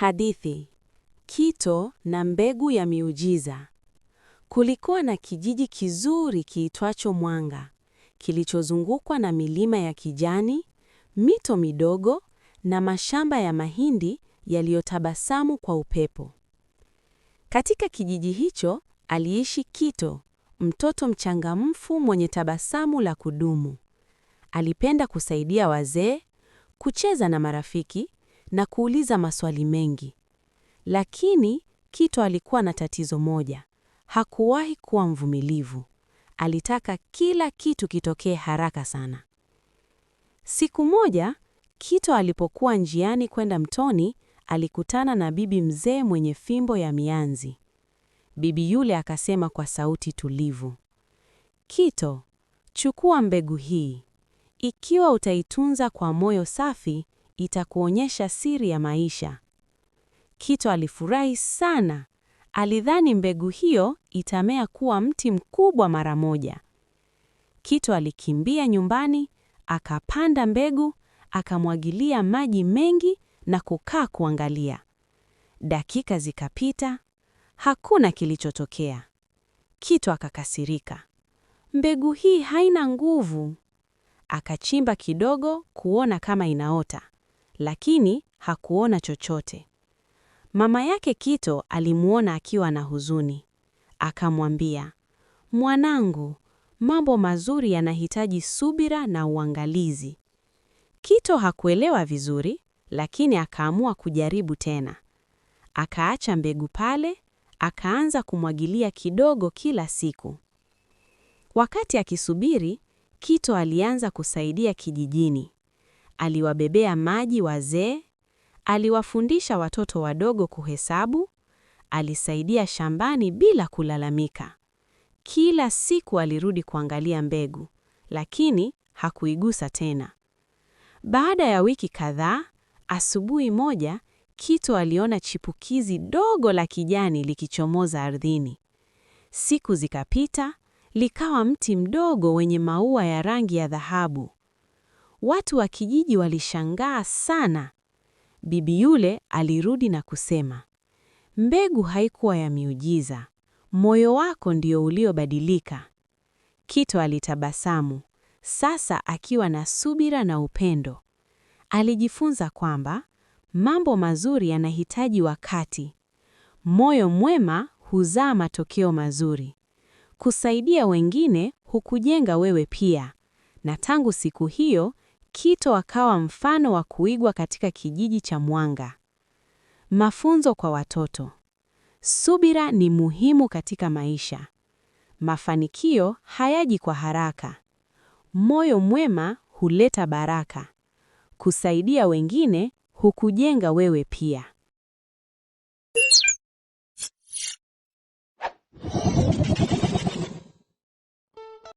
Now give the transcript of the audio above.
Hadithi: Kito na mbegu ya miujiza. Kulikuwa na kijiji kizuri kiitwacho Mwanga, kilichozungukwa na milima ya kijani, mito midogo na mashamba ya mahindi yaliyotabasamu kwa upepo. Katika kijiji hicho aliishi Kito, mtoto mchangamfu mwenye tabasamu la kudumu. Alipenda kusaidia wazee, kucheza na marafiki na kuuliza maswali mengi. Lakini Kito alikuwa na tatizo moja, hakuwahi kuwa mvumilivu. Alitaka kila kitu kitokee haraka sana. Siku moja Kito alipokuwa njiani kwenda mtoni, alikutana na bibi mzee mwenye fimbo ya mianzi. Bibi yule akasema kwa sauti tulivu, Kito, chukua mbegu hii. Ikiwa utaitunza kwa moyo safi, itakuonyesha siri ya maisha. Kito alifurahi sana. Alidhani mbegu hiyo itamea kuwa mti mkubwa mara moja. Kito alikimbia nyumbani, akapanda mbegu, akamwagilia maji mengi na kukaa kuangalia. Dakika zikapita, hakuna kilichotokea. Kito akakasirika. Mbegu hii haina nguvu. Akachimba kidogo kuona kama inaota lakini hakuona chochote. Mama yake Kito alimwona akiwa na huzuni, akamwambia, mwanangu, mambo mazuri yanahitaji subira na uangalizi. Kito hakuelewa vizuri, lakini akaamua kujaribu tena. Akaacha mbegu pale, akaanza kumwagilia kidogo kila siku. Wakati akisubiri, Kito alianza kusaidia kijijini aliwabebea maji wazee, aliwafundisha watoto wadogo kuhesabu, alisaidia shambani bila kulalamika. Kila siku alirudi kuangalia mbegu, lakini hakuigusa tena. Baada ya wiki kadhaa, asubuhi moja Kito aliona chipukizi dogo la kijani likichomoza ardhini. Siku zikapita, likawa mti mdogo wenye maua ya rangi ya dhahabu. Watu wa kijiji walishangaa sana. Bibi yule alirudi na kusema, mbegu haikuwa ya miujiza, moyo wako ndio uliobadilika. Kito alitabasamu, sasa akiwa na subira na upendo. Alijifunza kwamba mambo mazuri yanahitaji wakati. Moyo mwema huzaa matokeo mazuri. Kusaidia wengine hukujenga wewe pia. Na tangu siku hiyo Kito akawa mfano wa kuigwa katika kijiji cha Mwanga. Mafunzo kwa watoto: subira ni muhimu katika maisha. Mafanikio hayaji kwa haraka. Moyo mwema huleta baraka. Kusaidia wengine hukujenga wewe pia.